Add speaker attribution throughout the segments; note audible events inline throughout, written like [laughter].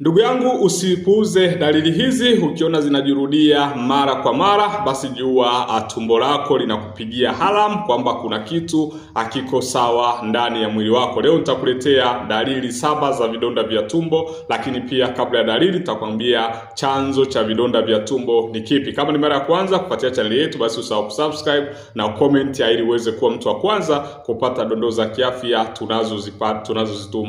Speaker 1: Ndugu yangu, usipuuze dalili hizi. Ukiona zinajirudia mara kwa mara, basi jua ah, tumbo lako linakupigia halamu kwamba kuna kitu hakiko ah, sawa ndani ya mwili wako. Leo nitakuletea dalili saba za vidonda vya tumbo, lakini pia kabla ya dalili nitakwambia chanzo cha vidonda vya tumbo ni kipi. Kama ni mara ya kwanza kupatia chaneli yetu, basi usahau kusubscribe na comment ili uweze kuwa mtu wa kwanza kupata dondoo za kiafya tunazozituma tunazo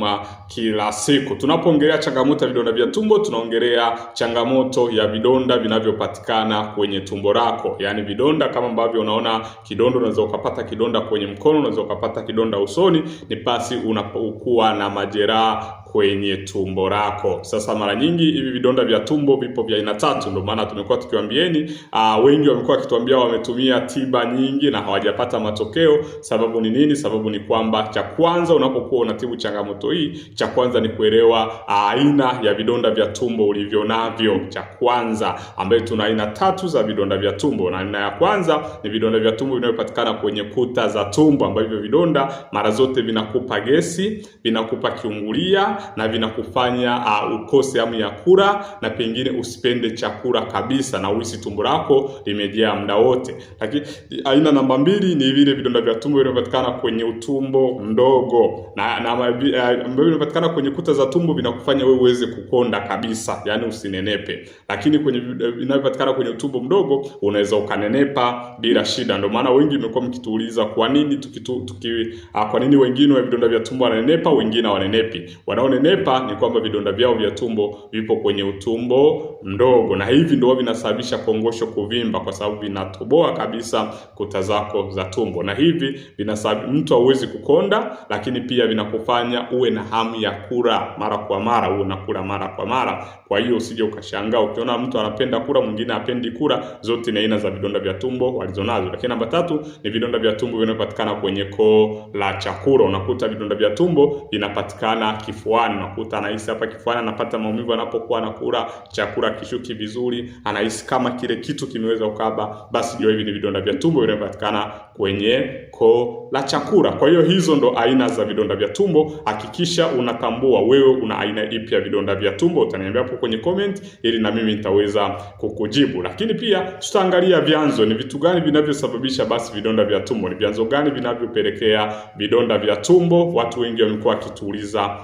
Speaker 1: kila siku tunapoongelea changamoto vidonda vya tumbo, tunaongelea changamoto ya vidonda vinavyopatikana kwenye tumbo lako, yaani vidonda kama ambavyo unaona kidondo, unaweza ukapata kidonda kwenye mkono, unaweza ukapata kidonda usoni, ni pasi unapokuwa na majeraha kwenye tumbo lako. Sasa mara nyingi hivi vidonda vya tumbo vipo vya aina tatu, ndio maana tumekuwa tukiwaambieni. Uh, wengi wamekuwa wakituambia wametumia tiba nyingi na hawajapata matokeo. Sababu ni nini? Sababu ni kwamba cha kwanza, unapokuwa unatibu changamoto hii, cha kwanza ni kuelewa aina uh, ya vidonda vya tumbo ulivyo navyo, cha kwanza, ambayo tuna aina tatu za vidonda vya tumbo, na aina ya kwanza ni vidonda vya tumbo vinavyopatikana kwenye kuta za tumbo, ambavyo vidonda mara zote vinakupa gesi, vinakupa kiungulia na vinakufanya uh, ukose hamu ya kula na pengine usipende chakula kabisa na uhisi tumbo lako limejaa muda wote. Lakini aina namba mbili ni vile vidonda vya tumbo vinavyopatikana kwenye utumbo mdogo na, na eh, eh, ambavyo vinapatikana kwenye kuta za tumbo vinakufanya wewe uweze kukonda kabisa, yani usinenepe. Lakini kwenye eh, vinavyopatikana kwenye utumbo mdogo unaweza ukanenepa bila shida. Ndio maana wengi mmekuwa mkituuliza kwa nini tukitu, tuki, uh, kwa nini wengine wa vidonda vya tumbo wananenepa, wengine hawanenepi. Wanao wanaonenepa ni kwamba vidonda vyao vya tumbo vipo kwenye utumbo ndogo, na hivi ndio vinasababisha kongosho kuvimba, kwa sababu vinatoboa kabisa kuta zako za tumbo, na hivi vinasababisha mtu hauwezi kukonda, lakini pia vinakufanya uwe na hamu ya kula mara kwa mara, uwe unakula mara kwa mara. Kwa hiyo usije ukashangaa ukiona mtu anapenda kula, mwingine apendi kula. Zote ni aina za vidonda vya tumbo walizonazo. Lakini namba tatu ni vidonda vya tumbo vinavyopatikana kwenye koo la chakula. Unakuta vidonda vya tumbo vinapatikana kifuani, unakuta anahisi hapa kifuani anapata maumivu anapokuwa anakula chakula kishuki vizuri, anahisi kama kile kitu kimeweza ukaba, basi jua hivi ni vidonda vya tumbo vinavyopatikana kwenye koo la chakula. Kwa hiyo hizo ndo aina za vidonda vya tumbo. Hakikisha unatambua wewe una aina ipi ya vidonda vya tumbo, utaniambia hapo kwenye comment ili na mimi nitaweza kukujibu. Lakini pia tutaangalia vyanzo, ni vitu gani vinavyosababisha basi vidonda vya tumbo, ni vyanzo gani vinavyopelekea vidonda vya tumbo. Watu wengi wamekuwa wakituuliza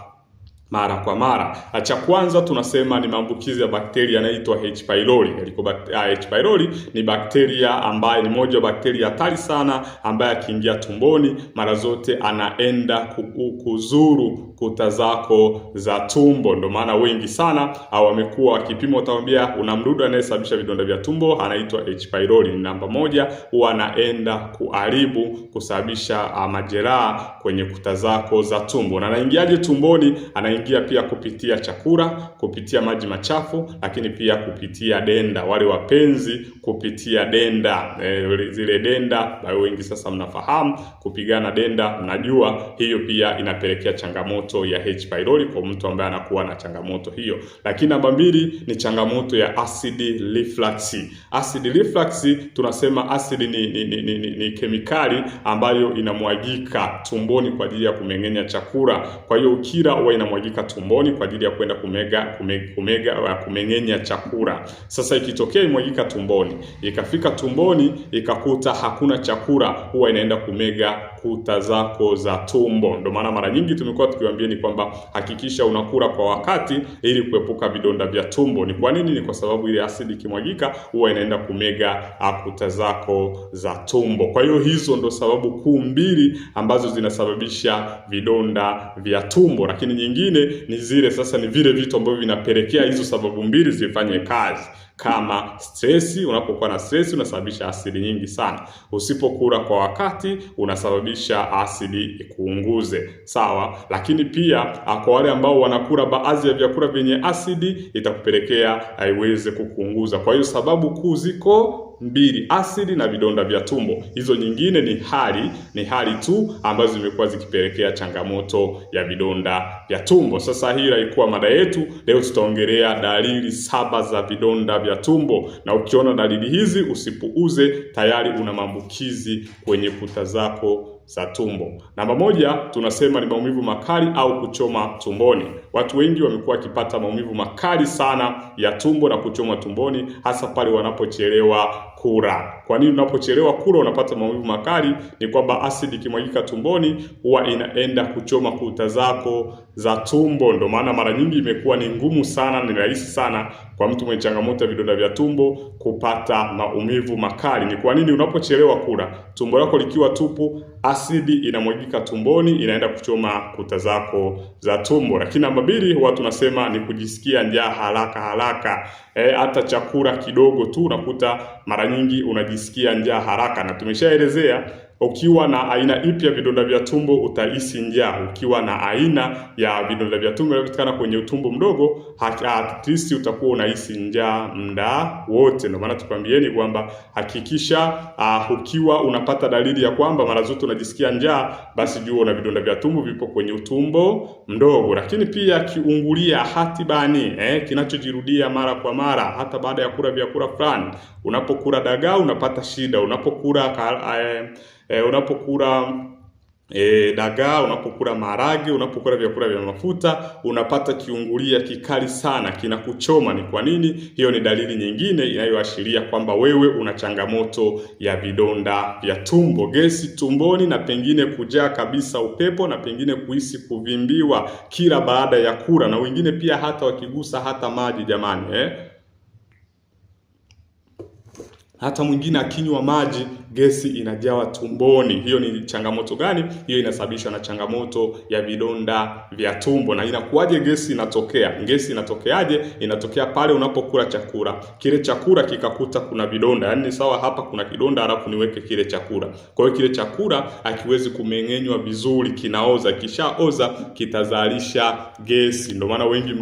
Speaker 1: mara kwa mara. Ah, cha kwanza tunasema ni maambukizi ya bakteria yanayoitwa H pylori. Ah, H pylori ni bakteria ambaye ni moja ya bakteria hatari sana, ambaye akiingia tumboni mara zote anaenda kuzuru kuta zako za tumbo. Ndio maana wengi sana au wamekuwa wakipima, utaambia una mdudu anayesababisha vidonda vya tumbo, anaitwa H pylori. Ni namba moja, huwa anaenda kuharibu, kusababisha ah, majeraha kwenye kuta zako za tumbo. Na anaingiaje tumboni? ana yanaingia pia kupitia chakula, kupitia maji machafu, lakini pia kupitia denda, wale wapenzi, kupitia denda e, zile denda ambayo wengi sasa mnafahamu kupigana denda, mnajua hiyo pia inapelekea changamoto ya H pylori kwa mtu ambaye anakuwa na changamoto hiyo. Lakini namba mbili ni changamoto ya acid reflux. Acid reflux tunasema acid ni, ni, ni, ni, ni, ni kemikali ambayo inamwagika tumboni kwa ajili ya kumeng'enya chakula, kwa hiyo ukira huwa inamwagika kumwagika tumboni kwa ajili ya kwenda kumega, kumega, kumega, kumeng'enya chakula. Sasa ikitokea imwagika tumboni, ikafika tumboni ikakuta hakuna chakula, huwa inaenda kumega kuta zako za tumbo. Ndio maana mara nyingi tumekuwa tukiwaambia ni kwamba hakikisha unakula kwa wakati ili kuepuka vidonda vya tumbo. Ni kwa nini? Ni kwa sababu ile asidi ikimwagika huwa inaenda kumega ah, kuta zako za tumbo. Kwa hiyo hizo ndo sababu kuu mbili ambazo zinasababisha vidonda vya tumbo, lakini nyingine zingine ni zile sasa, ni vile vitu ambavyo vinapelekea hizo sababu mbili zifanye kazi kama stresi. Unapokuwa na stresi unasababisha asidi nyingi sana. Usipokula kwa wakati unasababisha asidi ikuunguze, sawa. Lakini pia ah, kwa wale ambao wanakula baadhi ya vyakula vyenye asidi, itakupelekea haiweze kukuunguza. Kwa hiyo sababu kuu ziko mbili asidi na vidonda vya tumbo. Hizo nyingine ni hali ni hali tu ambazo zimekuwa zikipelekea changamoto ya vidonda vya tumbo. Sasa hii ilikuwa mada yetu leo, tutaongelea dalili saba za vidonda vya tumbo, na ukiona dalili hizi usipuuze, tayari una maambukizi kwenye kuta zako za tumbo. Namba moja tunasema ni maumivu makali au kuchoma tumboni. Watu wengi wamekuwa wakipata maumivu makali sana ya tumbo na kuchoma tumboni, hasa pale wanapochelewa kura. Kwa nini unapochelewa kula unapata maumivu makali? Ni kwamba asidi ikimwagika tumboni huwa inaenda kuchoma kuta zako za tumbo, ndio maana mara nyingi imekuwa ni ngumu sana, ni rahisi sana kwa mtu mwenye changamoto ya vidonda vya tumbo kupata maumivu makali. Ni kwa nini? Unapochelewa kula, tumbo lako likiwa tupu, asidi inamwagika tumboni, inaenda kuchoma kuta zako za tumbo. Lakini namba mbili, huwa tunasema ni kujisikia njaa haraka haraka. Eh, hata E, chakula kidogo tu unakuta mara nyingi unajisikia njaa haraka, na tumeshaelezea ukiwa na aina ipi ya vidonda vya tumbo utahisi njaa. Ukiwa na aina ya vidonda vya tumbo vinavyopatikana kwenye utumbo mdogo, at least utakuwa unahisi njaa mda wote. Ndio maana tukwambieni kwamba hakikisha uh, ukiwa unapata dalili ya kwamba mara zote unajisikia njaa, basi jua una vidonda vya tumbo vipo kwenye utumbo mdogo. Lakini pia kiungulia hatibani, eh, kinachojirudia mara kwa mara, hata baada ya kula vyakula fulani. Unapokula dagaa unapata shida, unapokula eh, e, unapokula e, dagaa, unapokula maharage, unapokula vyakula vya mafuta unapata kiungulia kikali sana, kinakuchoma. Ni kwa nini? Hiyo ni dalili nyingine inayoashiria kwamba wewe una changamoto ya vidonda vya tumbo, gesi tumboni, na pengine kujaa kabisa upepo, na pengine kuhisi kuvimbiwa kila baada ya kula, na wengine pia hata wakigusa hata maji, jamani eh? hata mwingine akinywa maji gesi inajawa tumboni. Hiyo ni changamoto gani? Hiyo inasababishwa na changamoto ya vidonda vya tumbo. Na inakuwaje gesi inatokea? Gesi inatokeaje? Inatokea pale unapokula chakula, kile chakula kikakuta kuna vidonda. Yaani sawa, hapa kuna kidonda halafu niweke kile chakula. Kwa hiyo kile chakula hakiwezi kumeng'enywa vizuri, kinaoza. Kishaoza kitazalisha gesi. Ndio maana wengi,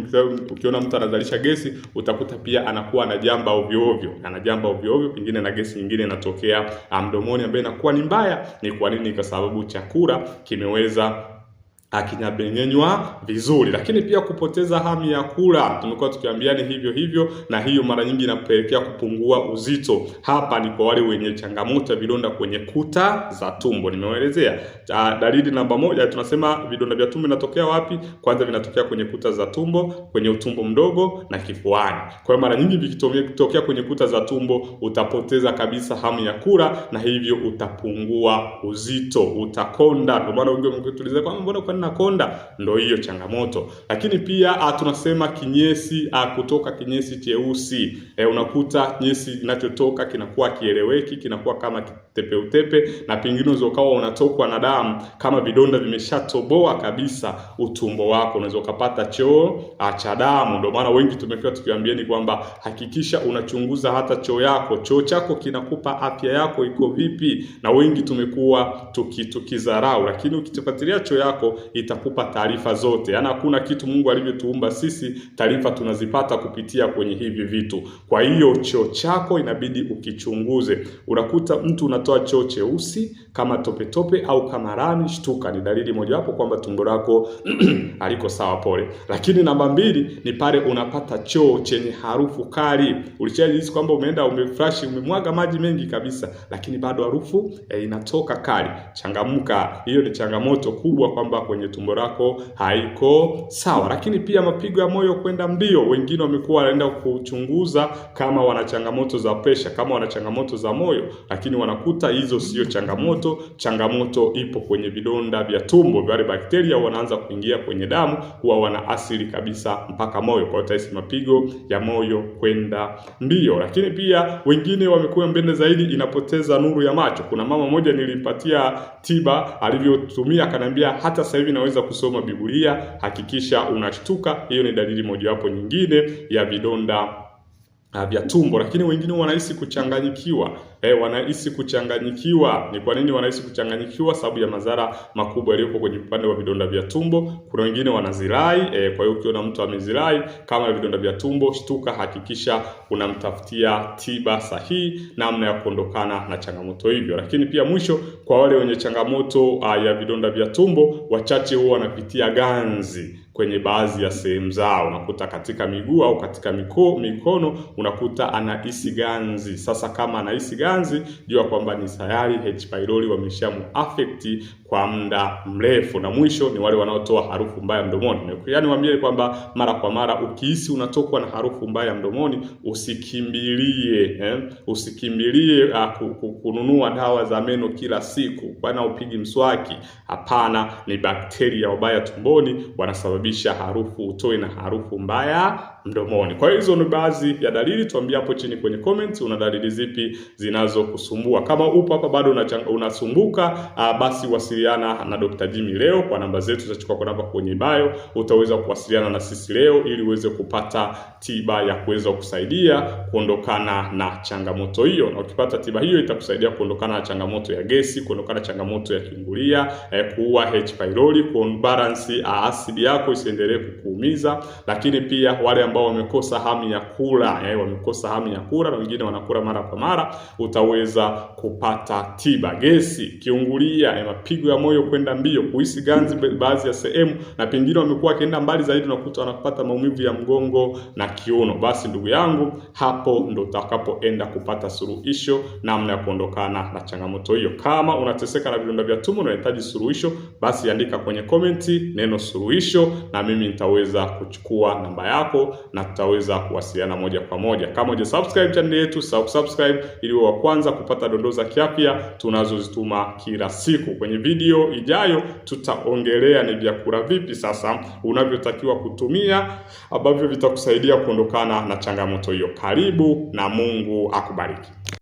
Speaker 1: ukiona mtu anazalisha gesi, utakuta pia anakuwa anajamba ovyo ovyo, anajamba ovyo ovyo, pengine na gesi nyingine inatokea ah, mdomoni ambayo inakuwa ni mbaya ni kwa nini? Kwa sababu chakula kimeweza akinyabengenywa vizuri. Lakini pia kupoteza hamu ya kula, tumekuwa tukiambiani hivyo hivyo, na hiyo mara nyingi inapelekea kupungua uzito. Hapa ni kwa wale wenye changamoto ya vidonda kwenye kuta za tumbo. Nimewaelezea ah, dalili namba moja, tunasema vidonda vya tumbo vinatokea wapi? Kwanza vinatokea kwenye kuta za tumbo, kwenye utumbo mdogo na kifuani. Kwa hiyo mara nyingi vikitokea kwenye kuta za tumbo, utapoteza kabisa hamu ya kula na hivyo utapungua uzito, utakonda. Ndio maana wengi wamekutuliza kwa mbona kwa konda, ndo hiyo changamoto. Lakini pia a, ah, tunasema kinyesi a, ah, kutoka kinyesi cheusi e, unakuta kinyesi kinachotoka kinakuwa kieleweki, kinakuwa kama tepe utepe na pengine unaweza ukawa unatokwa na damu kama vidonda vimeshatoboa kabisa utumbo wako, unaweza ukapata choo ah, cha damu. Ndio maana wengi tumekuwa tukiambieni kwamba hakikisha unachunguza hata choo yako. Choo chako kinakupa afya yako iko vipi, na wengi tumekuwa tukizarau tuki, lakini ukifuatilia choo yako itakupa taarifa zote. Yaani hakuna kitu Mungu alivyotuumba sisi, taarifa tunazipata kupitia kwenye hivi vitu. Kwa hiyo choo chako inabidi ukichunguze. Unakuta mtu una unatoa choo cheusi kama tope tope, au kama rami, shtuka. Ni dalili mojawapo kwamba tumbo lako [clears throat] aliko sawa, pole. Lakini namba mbili ni pale unapata choo chenye harufu kali. Ulishajihisi kwamba umeenda umefresh, umemwaga maji mengi kabisa, lakini bado harufu eh, inatoka kali. Changamka, hiyo ni changamoto kubwa kwamba kwenye tumbo lako haiko sawa. Lakini pia mapigo ya moyo kwenda mbio, wengine wamekuwa wanaenda kuchunguza kama wana changamoto za presha, kama wana changamoto za moyo, lakini wanakuta mafuta, hizo sio changamoto. Changamoto ipo kwenye vidonda vya tumbo, wale bakteria wanaanza kuingia kwenye damu, huwa wana asili kabisa mpaka moyo. Kwa hiyo utahisi mapigo ya moyo kwenda mbio, lakini pia wengine wamekuwa mbende zaidi, inapoteza nuru ya macho. Kuna mama moja nilimpatia tiba alivyotumia, akaniambia hata sasa hivi naweza kusoma Biblia. Hakikisha unashtuka, hiyo ni dalili mojawapo nyingine ya vidonda Uh, vya tumbo, lakini wengine wanahisi kuchanganyikiwa. eh, wanahisi kuchanganyikiwa. Ni kwa nini wanahisi kuchanganyikiwa? Sababu ya madhara makubwa yaliyopo kwenye upande wa vidonda vya tumbo. Kuna wengine wanazirai eh, kwa hiyo ukiona mtu amezirai kama vidonda vya tumbo, shtuka, hakikisha unamtafutia tiba sahihi, namna ya kuondokana na changamoto hivyo. Lakini pia mwisho, kwa wale wenye changamoto uh, ya vidonda vya tumbo, wachache huwa wanapitia ganzi kwenye baadhi ya sehemu zao, unakuta katika miguu au katika miko, mikono unakuta anahisi ganzi. Sasa kama anahisi ganzi, jua kwamba ni tayari H pylori affect kwa muda mrefu. Na mwisho ni wale wanaotoa harufu mbaya mdomoni, yaani waambie kwamba mara kwa mara ukihisi unatokwa na harufu mbaya mdomoni, usikimbilie eh? usikimbilie uh, kununua dawa za meno kila siku, bwana upigi mswaki. Hapana, ni bakteria wabaya tumboni wanasababisha kusababisha harufu utoe na harufu mbaya mdomoni. Kwa hizo ni baadhi ya dalili, tuambie hapo chini kwenye comments, una dalili zipi zinazokusumbua? Kama upo hapa bado unasumbuka, uh, basi wasiliana na Dr. Jimmy leo kwa namba zetu zitachukua kwa namba kwenye bio, utaweza kuwasiliana na sisi leo ili uweze kupata tiba ya kuweza kusaidia kuondokana na changamoto hiyo, na ukipata tiba hiyo itakusaidia kuondokana na changamoto ya gesi, kuondokana na changamoto ya kiungulia, eh, kuua H pylori, kuon balance uh, asidi yako isiendelee kukuumiza, lakini pia wale ambao wamekosa hamu ya kula, yaani wamekosa hamu ya kula na wengine wanakula mara kwa mara, utaweza kupata tiba. Gesi, kiungulia, eh, mapigo ya moyo kwenda mbio, kuhisi ganzi baadhi ya sehemu, na pengine wamekuwa wakienda mbali zaidi, unakuta wanapata maumivu ya mgongo na kiuno. Basi ndugu yangu, hapo ndo utakapoenda kupata suluhisho, namna ya kuondokana na changamoto hiyo. Kama unateseka na vidonda vya tumbo, unahitaji suluhisho, basi andika kwenye komenti neno suluhisho, na mimi nitaweza kuchukua namba yako na tutaweza kuwasiliana moja kwa moja. Kama uja subscribe channel yetu, subscribe ili wa kwanza kupata dondoo za kiafya tunazozituma kila siku. Kwenye video ijayo tutaongelea ni vyakula vipi sasa unavyotakiwa kutumia ambavyo vitakusaidia kuondokana na changamoto hiyo. Karibu na Mungu akubariki.